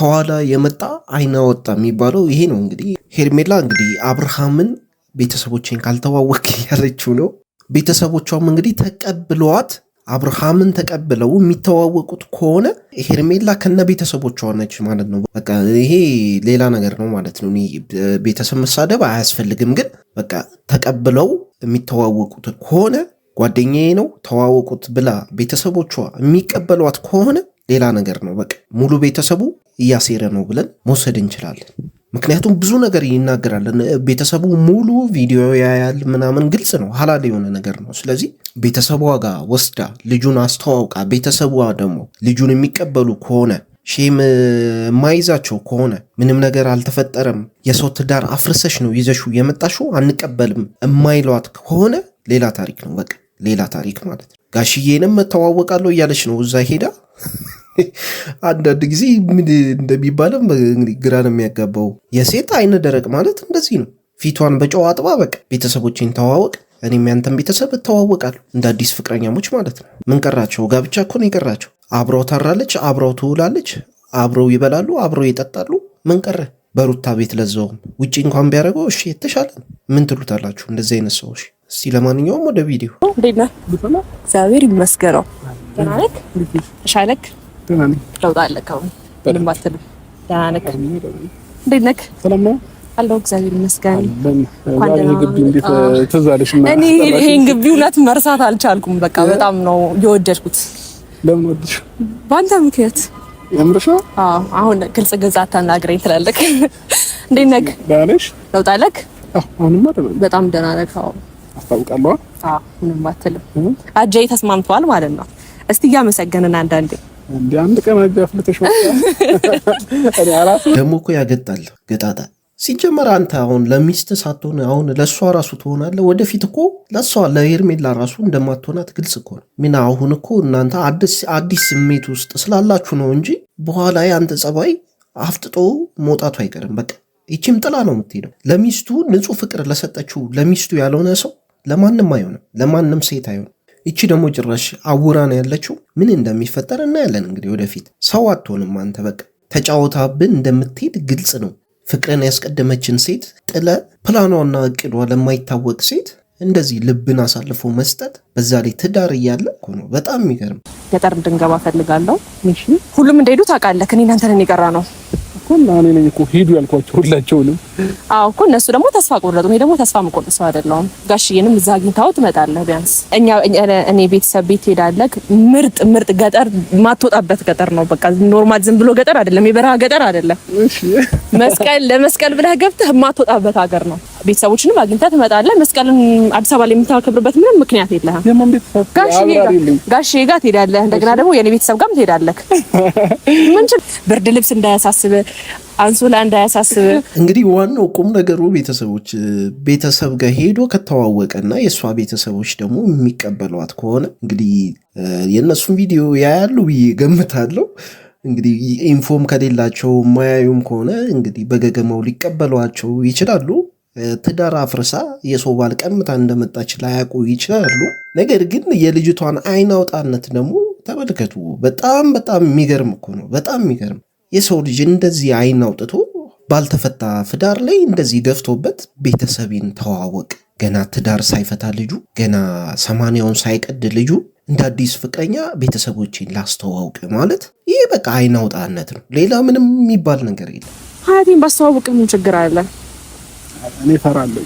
ከኋላ የመጣ አይና ወጣ የሚባለው ይሄ ነው። እንግዲህ ሄርሜላ እንግዲህ አብርሃምን ቤተሰቦችን ካልተዋወቅ ያለችው ነው። ቤተሰቦቿም እንግዲህ ተቀብለዋት አብርሃምን ተቀብለው የሚተዋወቁት ከሆነ ሄርሜላ ከነ ቤተሰቦቿ ነች ማለት ነው። በቃ ይሄ ሌላ ነገር ነው ማለት ነው። ቤተሰብ መሳደብ አያስፈልግም፣ ግን በቃ ተቀብለው የሚተዋወቁት ከሆነ ጓደኛዬ ነው ተዋወቁት ብላ ቤተሰቦቿ የሚቀበሏት ከሆነ ሌላ ነገር ነው። በቃ ሙሉ ቤተሰቡ እያሴረ ነው ብለን መውሰድ እንችላለን። ምክንያቱም ብዙ ነገር ይናገራል። ቤተሰቡ ሙሉ ቪዲዮ ያያል ምናምን፣ ግልጽ ነው። ሀላል የሆነ ነገር ነው። ስለዚህ ቤተሰቧ ጋር ወስዳ ልጁን አስተዋውቃ፣ ቤተሰቧ ደግሞ ልጁን የሚቀበሉ ከሆነ ሼም የማይዛቸው ከሆነ ምንም ነገር አልተፈጠረም፣ የሰው ትዳር አፍርሰሽ ነው ይዘሹ የመጣሹ አንቀበልም የማይሏት ከሆነ ሌላ ታሪክ ነው። በቃ ሌላ ታሪክ ማለት ነው። ጋሽዬንም እተዋወቃለሁ እያለች ነው እዛ ሄዳ አንዳንድ ጊዜ ምን እንግዲህ ግራ ነው የሚያጋባው። የሴት አይነ ደረቅ ማለት እንደዚህ ነው። ፊቷን በጨዋ አጥባ በቃ ቤተሰቦችን ተዋወቅ፣ እኔም ያንተን ቤተሰብ እተዋወቃለሁ። እንደ አዲስ ፍቅረኛሞች ማለት ነው። ምን ቀራቸው? ጋብቻ እኮ ነው የቀራቸው። አብረው ታራለች፣ አብረው ትውላለች፣ አብረው ይበላሉ፣ አብረው ይጠጣሉ። ምን ቀረ? በሩታ ቤት ለዛውም ውጭ እንኳን ቢያደርገው እሺ፣ የተሻለ ነው። ምን ትሉታላችሁ እንደዚህ አይነት ሰዎች? እስቲ ለማንኛውም ወደ ቪዲዮ እግዚአብሔር ይመስገነው ተሻለክ ለውጥ አለ ከአሁን ምንም አትልም። ደህና ነህ? እንዴት ነህ? ሰላም ነው አለው። እግዚአብሔር ይመስገን። እኔ ይሄን ግቢ እውነት መርሳት አልቻልኩም። በቃ በጣም ነው የወደድኩት። ለምን ወደድሽ? በአንተ ምክንያት የምርሽ? አዎ። አሁን ግልጽ ግልጽ አታናግረኝ ትላለህ። እንዴት ነህ? ደህና ነሽ? ለውጥ አለህ? አሁንማ በጣም ደህና ነህ? አስታውቃለሁ። አዎ ምንም አትልም። አጃይ ተስማምቷል ማለት ነው። እስቲ እያመሰገንን አንዳንዴ እንደ አንድ ቀን አጋፍልተሽ ደግሞ እኮ ያገጣል ገጣጣ ሲጀመር አንተ አሁን ለሚስት ሳትሆን አሁን ለእሷ ራሱ ትሆናለህ። ወደፊት እኮ ለእሷ ለሄርሜላ ራሱ እንደማትሆናት ግልጽ እኮ ነው። ምን አሁን እኮ እናንተ አዲስ ስሜት ውስጥ ስላላችሁ ነው እንጂ በኋላ አንተ ጸባይ አፍጥጦ መውጣቱ አይቀርም። በቃ ይቺም ጥላ ነው የምትሄደው። ለሚስቱ ንጹሕ ፍቅር ለሰጠችው ለሚስቱ ያልሆነ ሰው ለማንም አይሆንም፣ ለማንም ሴት አይሆንም። እቺ ደግሞ ጭራሽ አውራ ነው ያለችው። ምን እንደሚፈጠር እናያለን እንግዲህ ወደፊት። ሰው አትሆንም አንተ በቃ ተጫወታብን እንደምትሄድ ግልጽ ነው። ፍቅርን ያስቀደመችን ሴት ጥለ ፕላኗና እቅዷ ለማይታወቅ ሴት እንደዚህ ልብን አሳልፎ መስጠት በዛ ላይ ትዳር እያለ ነው። በጣም የሚገርም ገጠር እንድንገባ ፈልጋለሁ። ሁሉም እንደሄዱ ታውቃለህ። እኔ እናንተን የቀራ ነው እና እኔ ነኝ እኮ ሄዱ ያልኳቸው ሁላቸውንም። አዎ እኮ እነሱ ደግሞ ተስፋ ቆረጡ። እኔ ደግሞ ተስፋ መቆረጥ ሰው አይደለሁም። ጋሽዬንም እዛ አግኝታው ትመጣለህ ቢያንስ እኛ እኔ ቤተሰብ ቤት ትሄዳለህ። ምርጥ ምርጥ ገጠር ማትወጣበት ገጠር ነው። በቃ ኖርማል ዝም ብሎ ገጠር አይደለም፣ የበረሃ ገጠር አይደለም። መስቀል ለመስቀል ብለህ ገብተህ ማትወጣበት ሀገር ነው። ቤተሰቦችንም አግኝታ ትመጣለህ። መስቀልን አዲስ አበባ ላይ የምታከብርበት ምንም ምክንያት የለህም። ጋሼ ጋር ትሄዳለህ። እንደገና ደግሞ የኔ ቤተሰብ ጋርም ትሄዳለህ። ምን ብርድ ልብስ እንዳያሳስብ፣ አንሶላ እንዳያሳስብ። እንግዲህ ዋናው ቁም ነገሩ ቤተሰቦች ቤተሰብ ጋር ሄዶ ከተዋወቀና የእሷ ቤተሰቦች ደግሞ የሚቀበሏት ከሆነ እንግዲህ የእነሱን ቪዲዮ ያያሉ ብዬ ገምታለሁ። እንግዲህ ኢንፎም ከሌላቸው ማያዩም ከሆነ እንግዲህ በገገማው ሊቀበሏቸው ይችላሉ። ትዳር አፍርሳ የሰው ባል ቀምታ እንደመጣች ላያውቁ ይችላሉ። ነገር ግን የልጅቷን አይን አውጣነት ደግሞ ተመልከቱ። በጣም በጣም የሚገርም እኮ ነው። በጣም የሚገርም የሰው ልጅ እንደዚህ አይን አውጥቶ ባልተፈታ ፍዳር ላይ እንደዚህ ገፍቶበት ቤተሰቤን ተዋወቅ ገና ትዳር ሳይፈታ ልጁ ገና ሰማንያውን ሳይቀድ ልጁ እንደ አዲስ ፍቅረኛ ቤተሰቦችን ላስተዋውቅ ማለት ይህ በቃ አይን አውጣነት ነው። ሌላ ምንም የሚባል ነገር የለም። ሀያቴን ባስተዋውቅ ምን ችግር አለን? እኔ እፈራለሁ።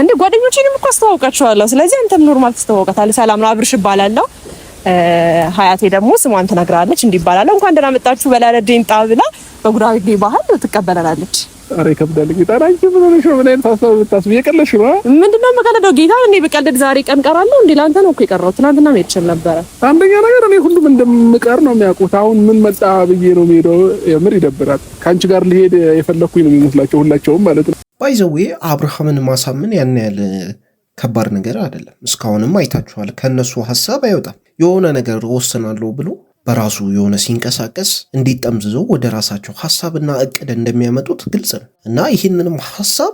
እንዴ ጓደኞቼንም እኮ አስተዋውቃቸዋለሁ። ስለዚህ አንተም ኖርማል ትስተዋውቃታለህ። ሰላም ነው አብርሽ እባላለሁ። ሀያቴ ደግሞ ስሟን ትነግራለች። እንዲህ እባላለሁ እንኳን ደህና መጣችሁ በላለ ዴንጣ ብላ በጉራጌ ባህል ትቀበለናለች። ኧረ ይከብዳል ጌታ። አንቺ ምን ሆነሽ ነው? ምን አይነት ሀሳብ ብታስብ እየቀለድሽ ነው። ምንድን ነው የምቀልደው ጌታ? እኔ ብቀልድ ዛሬ ቀን ቀራለሁ እንዴ? ለአንተ ነው እኮ የቀረው። ትናንትና መሄድ ይችል ነበረ። አንደኛ ነገር እኔ ሁሉም እንደምቀር ነው የሚያውቁት። አሁን ምን መጣ ብዬ ነው የምሄደው? የምር ይደብራል። ከአንቺ ጋር ሊሄድ የፈለግኩኝ ነው የሚመስላቸው ሁላቸውም ማለት ነው። ባይ ዘ ባይዘዌ አብርሃምን ማሳምን ያን ያህል ከባድ ነገር አይደለም። እስካሁንም አይታችኋል። ከእነሱ ሀሳብ አይወጣም። የሆነ ነገር ወስናለሁ ብሎ በራሱ የሆነ ሲንቀሳቀስ እንዲጠምዝዘው ወደ ራሳቸው ሀሳብና እቅድ እንደሚያመጡት ግልጽ ነው እና ይህንንም ሀሳብ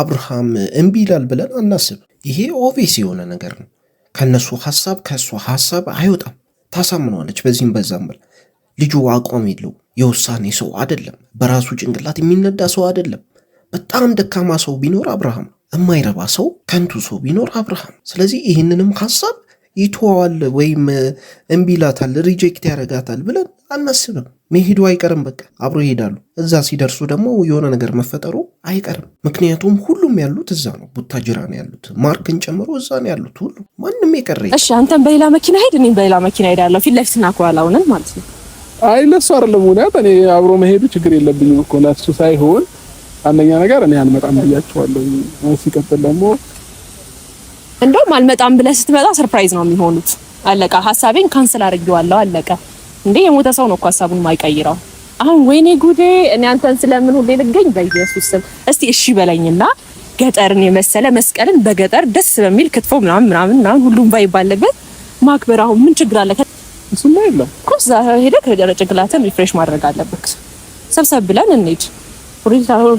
አብርሃም እምቢ ይላል ብለን አናስብ። ይሄ ኦቬስ የሆነ ነገር ነው። ከነሱ ሀሳብ ከእሷ ሀሳብ አይወጣም። ታሳምነዋለች በዚህም በዛም ብላ። ልጁ አቋም የለው የውሳኔ ሰው አይደለም። በራሱ ጭንቅላት የሚነዳ ሰው አይደለም። በጣም ደካማ ሰው ቢኖር አብርሃም፣ የማይረባ ሰው ከንቱ ሰው ቢኖር አብርሃም። ስለዚህ ይህንንም ሀሳብ ይተዋዋል ወይም እምቢላታል ሪጀክት ያደርጋታል ብለን አናስብም። መሄዱ አይቀርም። በቃ አብሮ ይሄዳሉ። እዛ ሲደርሱ ደግሞ የሆነ ነገር መፈጠሩ አይቀርም። ምክንያቱም ሁሉም ያሉት እዛ ነው፣ ቡታጅራ ነው ያሉት። ማርክን ጨምሮ እዛ ነው ያሉት። ሁሉ ማንም የቀረ እሺ፣ አንተም በሌላ መኪና ሄድ፣ እኔም በሌላ መኪና ሄዳለሁ። ፊት ለፊትና ከኋላ ሆነን ማለት ነው። አይ ለሱ አይደለም ምክንያት፣ እኔ አብሮ መሄዱ ችግር የለብኝም እኮ ለሱ ሳይሆን አንደኛ ነገር እኔ አልመጣም ብያቸዋለሁ። ሲቀጥል ደግሞ እንደውም አልመጣም ብለህ ስትመጣ ሰርፕራይዝ ነው የሚሆኑት። አለቃ ሀሳቤን ካንስል አድርጌዋለሁ። አለቀ እንዴ! የሞተ ሰው ነው እኮ ሀሳቡን ማይቀይረው። አሁን ወይኔ ጉዴ! እኔ አንተን ስለምን ሁሌ ልገኝ በኢየሱስ ስም እስቲ እሺ በለኝና ገጠርን የመሰለ መስቀልን በገጠር ደስ በሚል ክትፎ ምናምን ምናምን ምናምን ሁሉም ባይ ባለበት ማክበር። አሁን ምን ችግር አለ? እሱም ላይ የለም እኮ እዛ ሄደህ ጭንቅላትን ሪፍሬሽ ማድረግ አለበት። ሰብሰብ ብለን እንሂድ።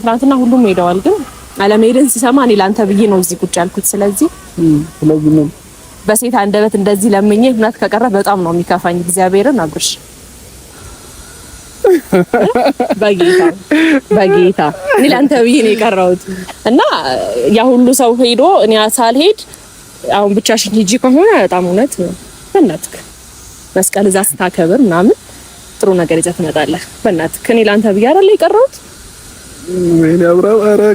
ትናንትና ሁሉም ሄደዋል ግን አለመሄድን ስሰማ እኔ ላንተ ብዬ ነው እዚህ ቁጭ ያልኩት። ስለዚህ ስለዚህ ነው በሴት አንደበት እንደዚህ ለምኜ እውነት ከቀረ በጣም ነው የሚከፋኝ። እግዚአብሔርን አጉርሽ በጌታ በጌታ እኔ ላንተ ብዬ ነው የቀረሁት እና ያ ሁሉ ሰው ሄዶ እኔ ሳልሄድ አሁን ብቻሽን ሂጂ ከሆነ በጣም እውነት በእናትህ መስቀል እዛ ስታከብር ምናምን ጥሩ ነገር ይዘህ ትመጣለህ። በእናትህ እኔ ላንተ ብዬ አይደል የቀረሁት። ወይኔ አብራም ኧረ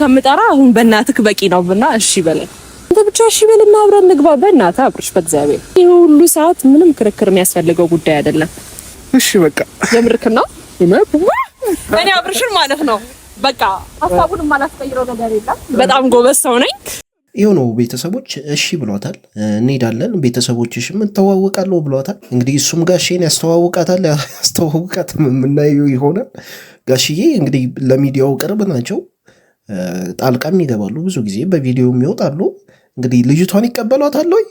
ከምጠራ አሁን በእናትህ በቂ ሁሉ ሰዓት ምንም ክርክር የሚያስፈልገው ጉዳይ አይደለም እሺ በቃ የምርክን ነው እኔ አብርሽን ማለት ነው በቃ ሀሳቡንም አላስቀይረው ነገር የለም በጣም ጎበዝ ሰው ነኝ የሆኑ ቤተሰቦች እሺ ብሏታል። እንሄዳለን ቤተሰቦችሽም እንተዋወቃለሁ ብሏታል። እንግዲህ እሱም ጋሼን ያስተዋውቃታል ያስተዋውቃት የምናየው ይሆናል። ጋሽዬ እንግዲህ ለሚዲያው ቅርብ ናቸው። ጣልቃም ይገባሉ፣ ብዙ ጊዜ በቪዲዮም ይወጣሉ። እንግዲህ ልጅቷን ይቀበሏታል ወይ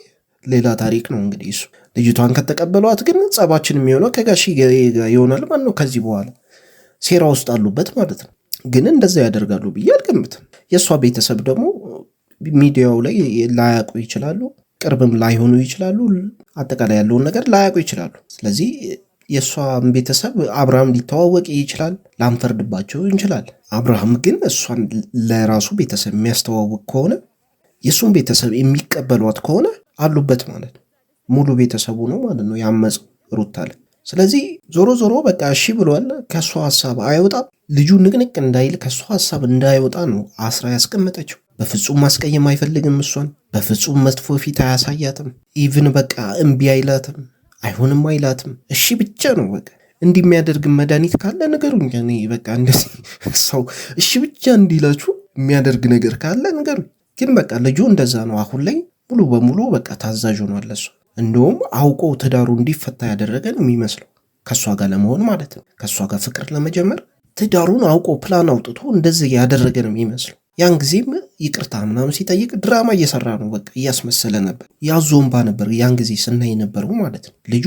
ሌላ ታሪክ ነው። እንግዲህ እሱ ልጅቷን ከተቀበሏት ግን ጸባችን የሚሆነው ከጋሽዬ ጋር ይሆናል ማለት ነው። ከዚህ በኋላ ሴራ ውስጥ አሉበት ማለት ነው። ግን እንደዛ ያደርጋሉ ብዬ አልገምትም። የእሷ ቤተሰብ ደግሞ ሚዲያው ላይ ላያውቁ ይችላሉ፣ ቅርብም ላይሆኑ ይችላሉ። አጠቃላይ ያለውን ነገር ላያውቁ ይችላሉ። ስለዚህ የእሷን ቤተሰብ አብርሃም ሊተዋወቅ ይችላል፣ ላንፈርድባቸው እንችላል። አብርሃም ግን እሷን ለራሱ ቤተሰብ የሚያስተዋውቅ ከሆነ የእሱን ቤተሰብ የሚቀበሏት ከሆነ አሉበት ማለት ነው። ሙሉ ቤተሰቡ ነው ማለት ነው ያመፅ ሩታ ላይ። ስለዚህ ዞሮ ዞሮ በቃ እሺ ብሏል። ከእሷ ሀሳብ አይወጣም። ልጁ ንቅንቅ እንዳይል ከእሷ ሀሳብ እንዳይወጣ ነው አስራ ያስቀመጠችው። በፍጹም ማስቀየም አይፈልግም። እሷን በፍጹም መጥፎ ፊት አያሳያትም። ኢቭን በቃ እምቢ አይላትም፣ አይሆንም አይላትም። እሺ ብቻ ነው በቃ እንዲህ የሚያደርግ መድኃኒት ካለ ንገሩኝ። እኔ በቃ እንደዚህ ሰው እሺ ብቻ እንዲላችሁ የሚያደርግ ነገር ካለ ንገሩኝ። ግን በቃ ልጁ እንደዛ ነው። አሁን ላይ ሙሉ በሙሉ በቃ ታዛዥ ሆኗል ለሷ። እንደውም አውቆ ትዳሩ እንዲፈታ ያደረገ ነው የሚመስለው ከእሷ ጋር ለመሆን ማለት ነው፣ ከእሷ ጋር ፍቅር ለመጀመር ትዳሩን አውቆ ፕላን አውጥቶ እንደዚህ ያደረገ ነው የሚመስለው። ያን ጊዜም ይቅርታ ምናምን ሲጠይቅ ድራማ እየሰራ ነው፣ በቃ እያስመሰለ ነበር። ያዞምባ ነበር ያን ጊዜ ስናይ ነበረው ማለት ነው። ልጁ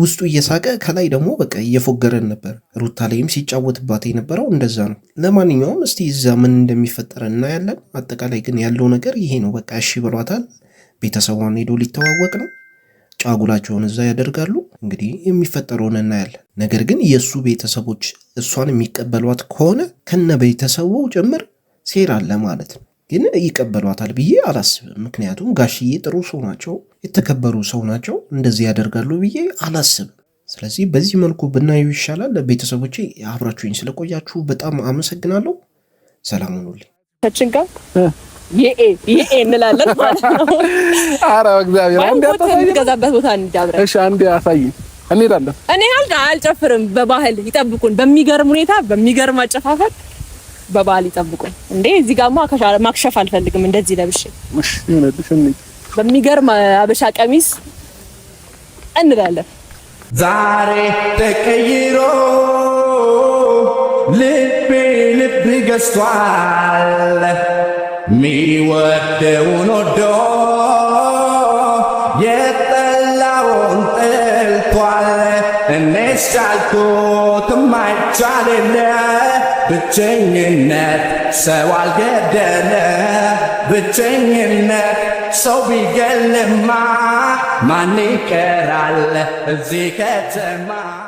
ውስጡ እየሳቀ ከላይ ደግሞ በቃ እየፎገረን ነበር። ሩታ ላይም ሲጫወትባት የነበረው እንደዛ ነው። ለማንኛውም እስቲ እዛ ምን እንደሚፈጠር እናያለን። አጠቃላይ ግን ያለው ነገር ይሄ ነው። በቃ እሺ ብሏታል። ቤተሰቧን ሄዶ ሊተዋወቅ ነው። ጫጉላቸውን እዛ ያደርጋሉ። እንግዲህ የሚፈጠረውን እናያለን። ነገር ግን የእሱ ቤተሰቦች እሷን የሚቀበሏት ከሆነ ከነ ቤተሰቡ ጭምር ሴራ አለ ማለት ነው። ግን ይቀበሏታል ብዬ አላስብም። ምክንያቱም ጋሽዬ ጥሩ ሰው ናቸው፣ የተከበሩ ሰው ናቸው። እንደዚህ ያደርጋሉ ብዬ አላስብም። ስለዚህ በዚህ መልኩ ብናየው ይሻላል። ቤተሰቦቼ አብራችሁኝ ስለቆያችሁ በጣም አመሰግናለሁ። ሰላም ሁኑልኝ። ከችን ጋር የኤ እንላለን ማለት ነው። እግዚአብሔር አንዴ የምትገዛበት ቦታ እንዳብረ እሺ፣ አንዴ አሳይ እንሄዳለን። እኔ አልጨፍርም። በባህል ይጠብቁን። በሚገርም ሁኔታ በሚገርም አጨፋፈር በበዓል ይጠብቁ እንዴ። እዚህ ጋማ ማክሸፍ አልፈልግም። እንደዚህ ለብሽ በሚገርም አበሻ ቀሚስ እንላለን። ዛሬ ተቀይሮ ልቤ ልብ ገዝቷል። ሚወደውን ወዶ የጠላውን ጠልቷል። እኔስ ቻልኩት ማይቻል ብቸኝነት ሰው አልገደለ ብቸኝነት ሰው ቢገልማ ማን ይቀራል እዚህ ከተማ